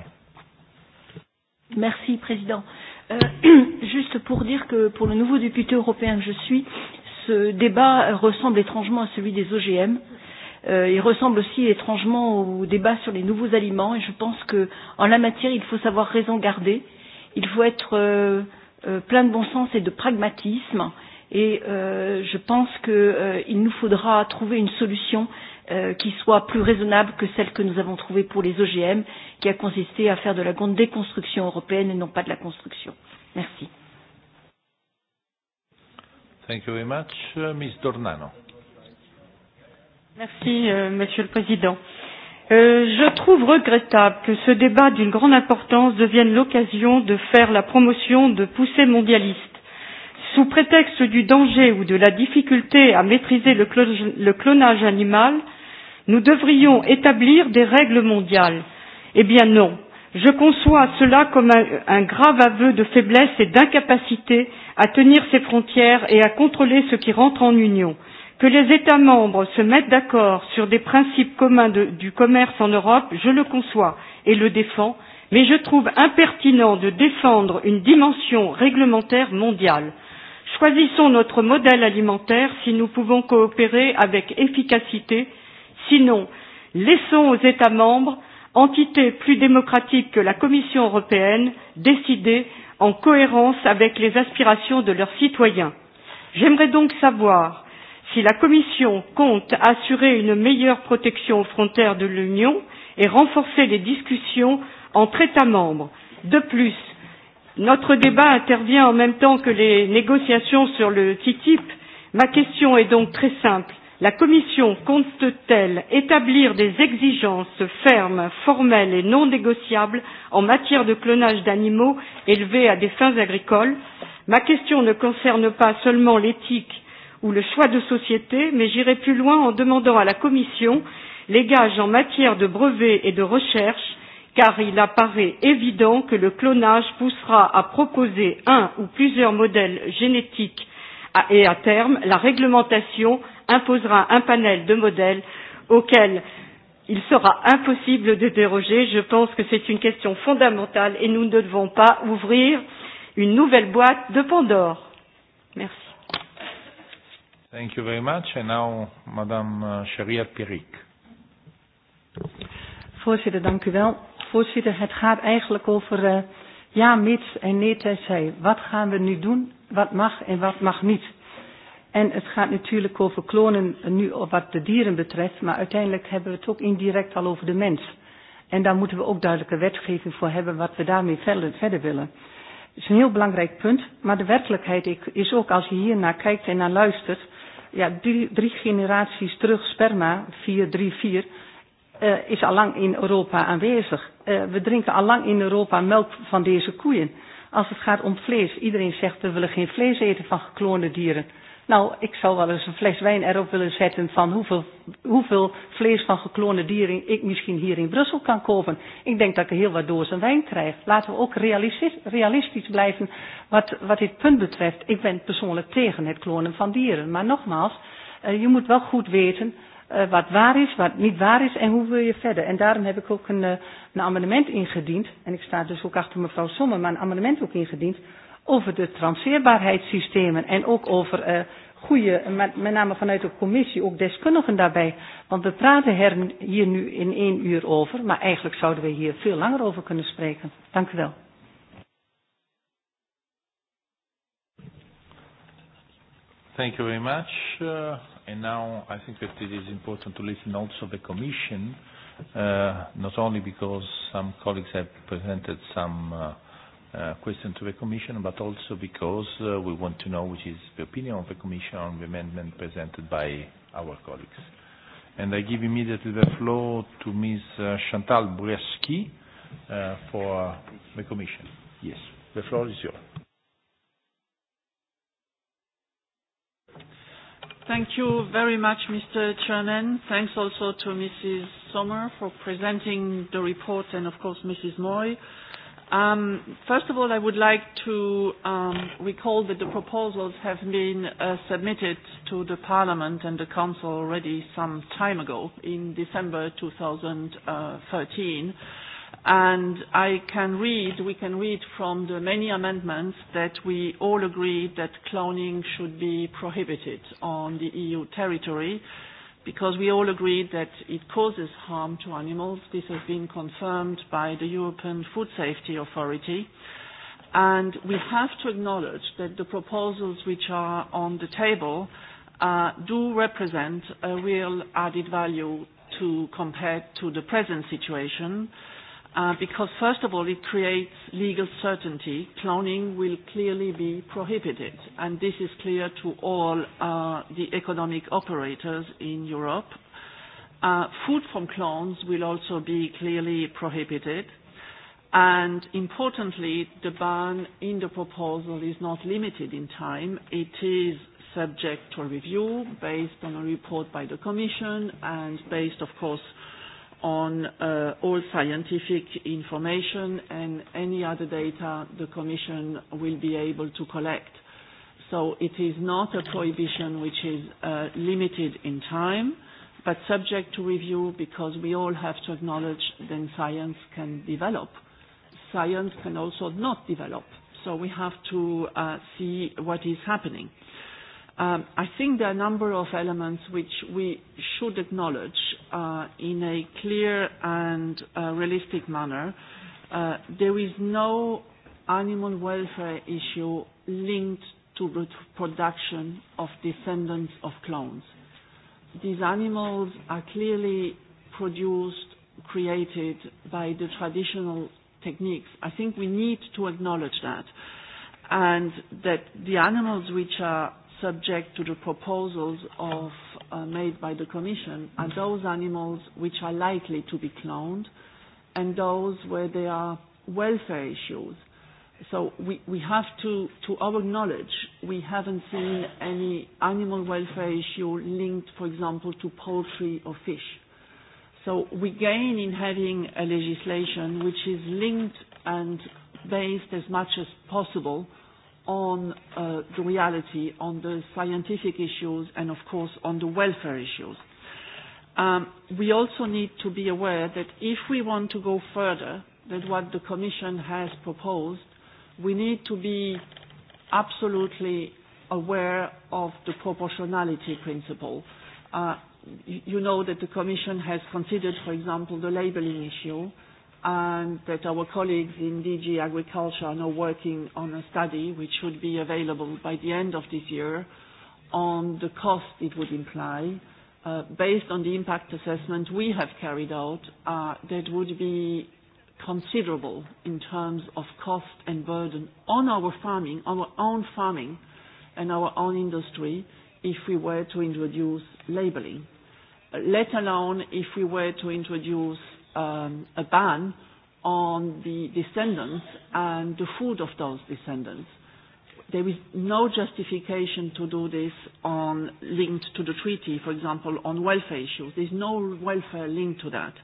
Merci, Président. Euh, juste pour dire que pour le nouveau député européen que je suis, ce débat ressemble étrangement à celui des OGM. Euh, il ressemble aussi étrangement au débat sur les nouveaux aliments et je pense qu'en la matière, il faut savoir raison garder. Euh, il faut être euh, euh, plein de bon sens et de pragmatisme. Et euh, je pense qu'il euh, nous faudra trouver une solution euh, qui soit plus raisonnable que celle que nous avons trouvée pour les OGM, qui a consisté à faire de la grande déconstruction européenne et non pas de la construction. Merci. Thank you very much, uh, Ms. Dornano. Merci, euh, Monsieur le Président. Euh, Euh, je trouve regrettable que ce débat d'une grande importance devienne l'occasion de faire la promotion de poussées mondialistes. Sous prétexte du danger ou de la difficulté à maîtriser le, clo le clonage animal, nous devrions établir des règles mondiales. Eh bien non, je conçois cela comme un, un grave aveu de faiblesse et d'incapacité à tenir ses frontières et à contrôler ce qui rentre en Union. Euh, Que les États membres se mettent d'accord sur des principes communs de, du commerce en Europe, je le conçois et le défends, mais je trouve impertinent de défendre une dimension réglementaire mondiale. Choisissons notre modèle alimentaire si nous pouvons coopérer avec efficacité, sinon laissons aux États membres, entités plus démocratiques que la Commission européenne, décider en cohérence avec les aspirations de leurs citoyens. J'aimerais donc savoir si la Commission compte assurer une meilleure protection aux frontières de l'Union et renforcer les discussions entre États membres. De plus, notre débat intervient en même temps que les négociations sur le TTIP. Ma question est donc très simple. La Commission compte-t-elle établir des exigences fermes, formelles et non négociables en matière de clonage d'animaux élevés à des fins agricoles Ma question ne concerne pas seulement l'éthique ou le choix de société, mais j'irai plus loin en demandant à la Commission les gages en matière de brevets et de recherche, car il apparaît évident que le clonage poussera à proposer un ou plusieurs modèles génétiques et à terme, la réglementation imposera un panel de modèles auquel il sera impossible de déroger. Je pense que c'est une question fondamentale et nous ne devons pas ouvrir une nouvelle boîte de Pandore. Merci. Thank you very much. And now, Madame uh, Sharia Pirik. Voorzitter, dank u wel. Voorzitter, het gaat eigenlijk over uh, ja, mits en nee, tenzij. Wat gaan we nu doen? Wat mag en wat mag niet? En het gaat natuurlijk over klonen eh, nu wat de dieren betreft, maar uiteindelijk hebben we het ook indirect al over de mens. En daar moeten we ook duidelijke wetgeving voor hebben wat we daarmee verder, verder willen. Het is een heel belangrijk punt, maar de werkelijkheid is ook als je hier naar kijkt en naar luistert, ja, drie, drie generaties terug sperma, 434, uh, eh, is allang in Europa aanwezig. Uh, we drinken allang in Europa melk van deze koeien. Als het gaat om vlees, iedereen zegt we willen geen vlees eten van gekloonde dieren. Nou, ik zou wel eens een fles wijn erop willen zetten van hoeveel, hoeveel vlees van gekloonde dieren ik misschien hier in Brussel kan kopen. Ik denk dat ik er heel wat dozen wijn krijg. Laten we ook realistisch, realistisch blijven wat, wat dit punt betreft. Ik ben persoonlijk tegen het klonen van dieren. Maar nogmaals, uh, je moet wel goed weten uh, wat waar is, wat niet waar is en hoe wil je verder. En daarom heb ik ook een, uh, een amendement ingediend. En ik sta dus ook achter mevrouw Sommer, maar een amendement ook ingediend over de transferbaarheidssystemen en ook over uh, goede, met, met name vanuit de commissie, ook deskundigen daarbij. Want we praten her, hier nu in één uur over, maar eigenlijk zouden we hier veel langer over kunnen spreken. Dank u wel. Thank you very much. Uh, and now I think that it is important to listen also the Commission, uh, not only because some colleagues have presented some uh, uh, question to the Commission, but also because uh, we want to know which is the opinion of the Commission on the amendment presented by our colleagues. And I give immediately the floor to Ms. Uh, Chantal Boureschi uh, for the Commission. Yes, the floor is yours. Thank you very much, Mr. Chairman. Thanks also to Mrs. Sommer for presenting the report and, of course, Mrs. Moy. Uh, Um, first of all, I would like to um, recall that the proposals have been uh, submitted to the Parliament and the Council already some time ago, in December 2013. And I can read, we can read from the many amendments that we all agree that cloning should be prohibited on the EU territory, uh, because we all agreed that it causes harm to animals. This has been confirmed by the European Food Safety Authority. And we have to acknowledge that the proposals which are on the table uh, do represent a real added value to compared to the present situation. Uh, Uh, because first of all, it creates legal certainty. Cloning will clearly be prohibited, and this is clear to all uh, the economic operators in Europe. Uh, food from clones will also be clearly prohibited. And importantly, the ban in the proposal is not limited in time. It is subject to review based on a report by the Commission and based, of course, on uh, all scientific information and any other data the Commission will be able to collect. So it is not a prohibition which is uh, limited in time, but subject to review because we all have to acknowledge then science can develop. Science can also not develop. So we have to uh, see what is happening. Um, I think there are a number of elements which we should acknowledge uh, in a clear and uh, realistic manner. Uh, there is no animal welfare issue linked to the production of descendants of clones. These animals are clearly produced, created by the traditional techniques. I think we need to acknowledge that. And that the animals which are subject to the proposals of, uh, made by the Commission are those animals which are likely to be cloned and those where there are welfare issues. So we, we have to, to our knowledge, we haven't seen any animal welfare issue linked, for example, to poultry or fish. So we gain in having a legislation which is linked and based as much as possible on uh, the reality, on the scientific issues, and of course on the welfare issues. Um, we also need to be aware that if we want to go further than what the Commission has proposed, we need to be absolutely aware of the proportionality principle. Uh, you know that the Commission has considered, for example, the labeling issue, uh, and that our colleagues in DG Agriculture are now working on a study which should be available by the end of this year on the cost it would imply. Uh, based on the impact assessment we have carried out, uh, that would be considerable in terms of cost and burden on our farming, our own farming, and our own industry if we were to introduce labeling, uh, let alone if we were to introduce um, a ban on the descendants and the food of those descendants. There is no justification to do this on linked to the treaty, for example, on welfare issues. There's no welfare linked to that.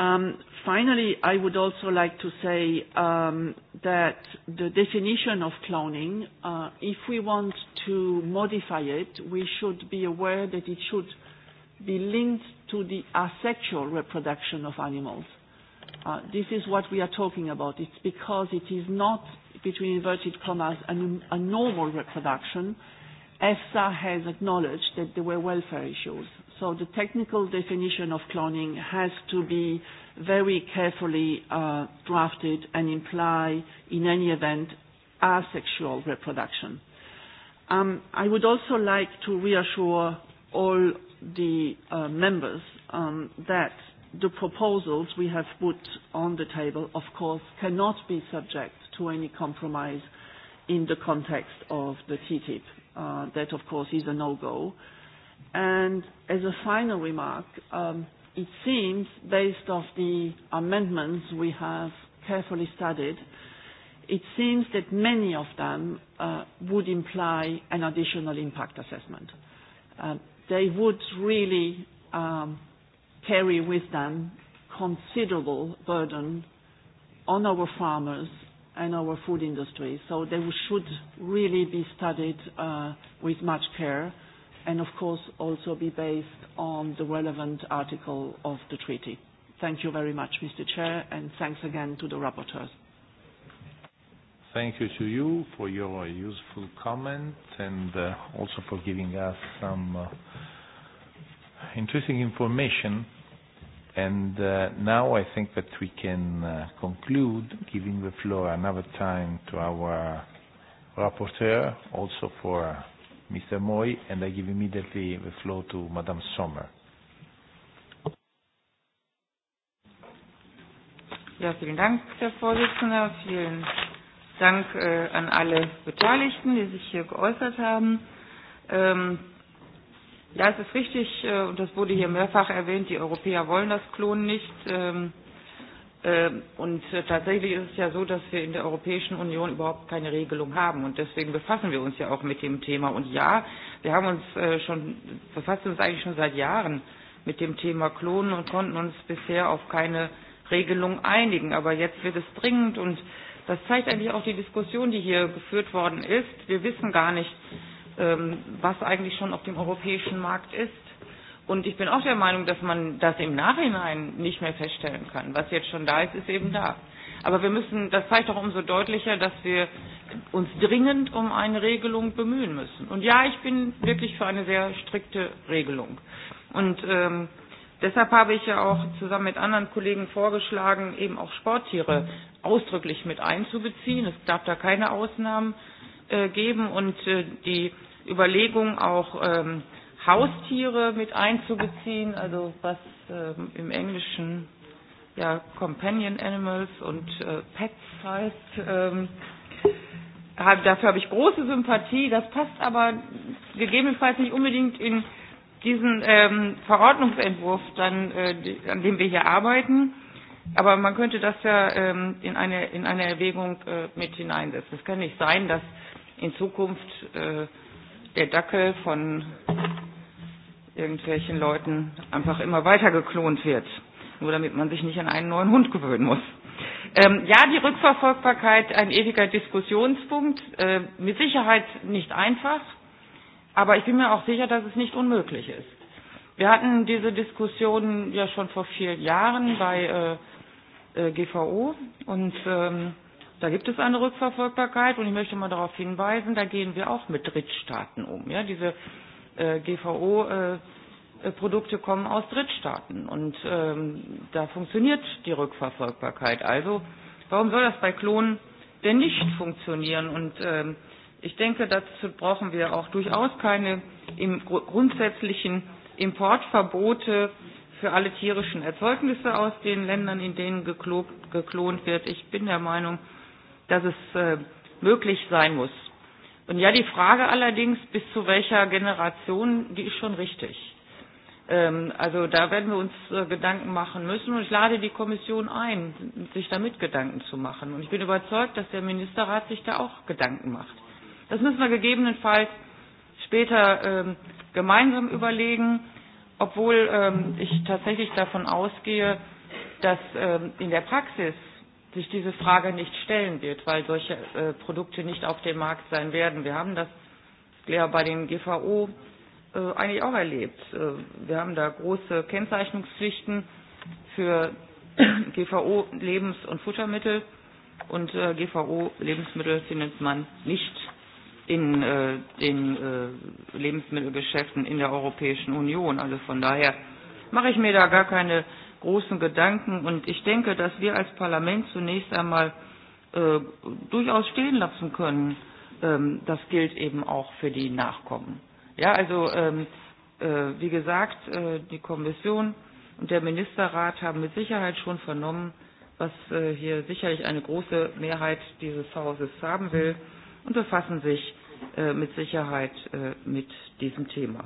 Um, finally, I would also like to say um, that the definition of cloning, uh, if we want to modify it, we should be aware that it should be linked to the asexual reproduction of animals. Uh, this is what we are talking about. It's because it is not, between inverted commas, an, a normal reproduction. EFSA has acknowledged that there were welfare issues. So the technical definition of cloning has to be very carefully uh, drafted and imply, in any event, asexual reproduction. Um, I would also like to reassure all the uh, members um, that the proposals we have put on the table, of course, cannot be subject to any compromise in the context of the TTIP. Uh, that, of course, is a no-go. And as a final remark, um, it seems, based off the amendments we have carefully studied, it seems that many of them uh, would imply an additional impact assessment. Uh, they would really um, carry with them considerable burden on our farmers and our food industry. So they should really be studied uh, with much care and of course also be based on the relevant article of the treaty. Thank you very much, Mr. Chair, and thanks again to the rapporteurs. Thank you to you for your useful comment and uh, also for giving us some uh, interesting information. And uh, now I think that we can uh, conclude giving the floor another time to our rapporteur, also for uh, Mr. Moy, and I give immediately the floor to Madame Sommer. Ja, vielen Dank, Herr Vorsitzender. Vielen Dank äh, an alle Beteiligten, die sich hier geäußert haben. Ähm, ja, es ist richtig, äh, und das wurde hier mehrfach erwähnt, die Europäer wollen das Klonen nicht. Ähm, äh, und äh, tatsächlich ist es ja so, dass wir in der Europäischen Union überhaupt keine Regelung haben. Und deswegen befassen wir uns ja auch mit dem Thema. Und ja, wir haben uns äh, schon, befassen uns eigentlich schon seit Jahren mit dem Thema Klonen und konnten uns bisher auf keine Regelung einigen. Aber jetzt wird es dringend und äh, Das zeigt eigentlich auch die Diskussion, die hier geführt worden ist. Wir wissen gar nicht, ähm, was eigentlich schon auf dem europäischen Markt ist. Und ich bin auch der Meinung, dass man das im Nachhinein nicht mehr feststellen kann. Was jetzt schon da ist, ist eben da. Aber wir müssen, das zeigt auch umso deutlicher, dass wir uns dringend um eine Regelung bemühen müssen. Und ja, ich bin wirklich für eine sehr strikte Regelung. Und ähm, Deshalb habe ich ja auch zusammen mit anderen Kollegen vorgeschlagen, eben auch Sporttiere ausdrücklich mit einzubeziehen. Es darf da keine Ausnahmen äh, geben und äh, die Überlegung auch ähm, Haustiere mit einzubeziehen, also was ähm, im Englischen ja Companion Animals und äh, Pets heißt. Ähm, hab, dafür habe ich große Sympathie. Das passt aber gegebenenfalls nicht unbedingt in diesen ähm, Verordnungsentwurf, dann, äh, an dem wir hier arbeiten. Aber man könnte das ja ähm, in, eine, in eine Erwägung äh, mit hineinsetzen. Es kann nicht sein, dass in Zukunft äh, der Dackel von irgendwelchen Leuten einfach immer weiter geklont wird, nur damit man sich nicht an einen neuen Hund gewöhnen muss. Ähm, ja, die Rückverfolgbarkeit ein ewiger Diskussionspunkt, äh, mit Sicherheit nicht einfach. Aber ich bin mir auch sicher, dass es nicht unmöglich ist. Wir hatten diese Diskussion ja schon vor vielen Jahren bei äh, äh, GVO und ähm, da gibt es eine Rückverfolgbarkeit und ich möchte mal darauf hinweisen, da gehen wir auch mit Drittstaaten um. Ja? Diese äh, GVO äh, äh, Produkte kommen aus Drittstaaten und ähm, da funktioniert die Rückverfolgbarkeit. Also warum soll das bei Klonen denn nicht funktionieren? Und ähm, Ich denke, dazu brauchen wir auch durchaus keine im grundsätzlichen Importverbote für alle tierischen Erzeugnisse aus den Ländern, in denen geklont wird. Ich bin der Meinung, dass es äh, möglich sein muss. Und ja, die Frage allerdings, bis zu welcher Generation, die ist schon richtig. Ähm, also da werden wir uns äh, Gedanken machen müssen und ich lade die Kommission ein, sich damit Gedanken zu machen. Und ich bin überzeugt, dass der Ministerrat sich da auch Gedanken macht. Das müssen wir gegebenenfalls später ähm, gemeinsam überlegen, obwohl ähm, ich tatsächlich davon ausgehe, dass ähm, in der Praxis sich diese Frage nicht stellen wird, weil solche äh, Produkte nicht auf dem Markt sein werden. Wir haben das ja bei den GVO äh, eigentlich auch erlebt. Äh, wir haben da große Kennzeichnungspflichten für GVO Lebens- und Futtermittel und äh, GVO Lebensmittel findet man nicht in äh, den äh, Lebensmittelgeschäften in der Europäischen Union. Also von daher mache ich mir da gar keine großen Gedanken. Und ich denke, dass wir als Parlament zunächst einmal äh, durchaus stehen lassen können. Ähm, das gilt eben auch für die Nachkommen. Ja, also ähm, äh, wie gesagt, äh, die Kommission und der Ministerrat haben mit Sicherheit schon vernommen, was äh, hier sicherlich eine große Mehrheit dieses Hauses haben will und befassen sich äh, mit Sicherheit äh, mit diesem Thema.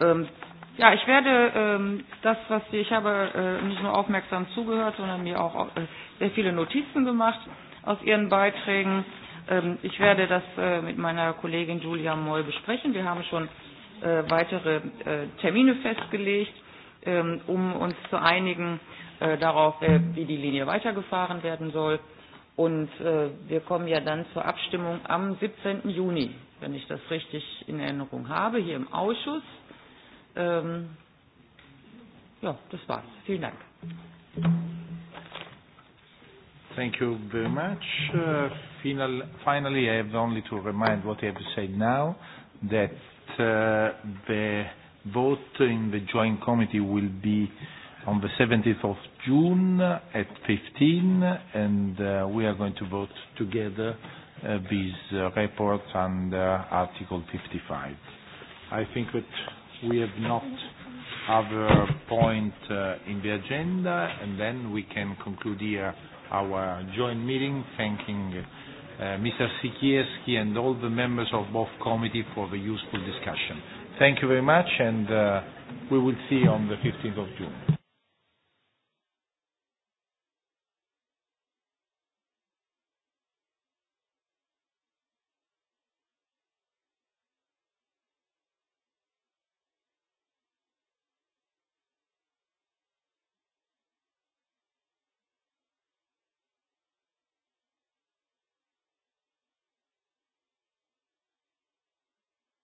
Ähm, ja, ich werde ähm, das, was wir, ich habe äh, nicht nur aufmerksam zugehört, sondern mir auch äh, sehr viele Notizen gemacht aus Ihren Beiträgen. Ähm, ich werde das äh, mit meiner Kollegin Julia Moll besprechen. Wir haben schon äh, weitere äh, Termine festgelegt, ähm, um uns zu einigen äh, darauf, äh, wie die Linie weitergefahren werden soll. Äh, Und äh, wir kommen ja dann zur Abstimmung am 17. Juni, wenn ich das richtig in Erinnerung habe, hier im Ausschuss. Ähm, ja, das war's. Vielen Dank. Thank you very much. Uh, final, finally, I have only to remind what I have said now, that uh, the vote in the joint committee will be uh, on the 17th of June at 15, and uh, we are going to vote together uh, these uh, reports under uh, Article 55. I think that we have not other point uh, in the agenda, and then we can conclude here our joint meeting, thanking uh, Mr. Sikierski and all the members of both committee for the useful discussion. Thank you very much, and uh, we will see you on the 15th of June.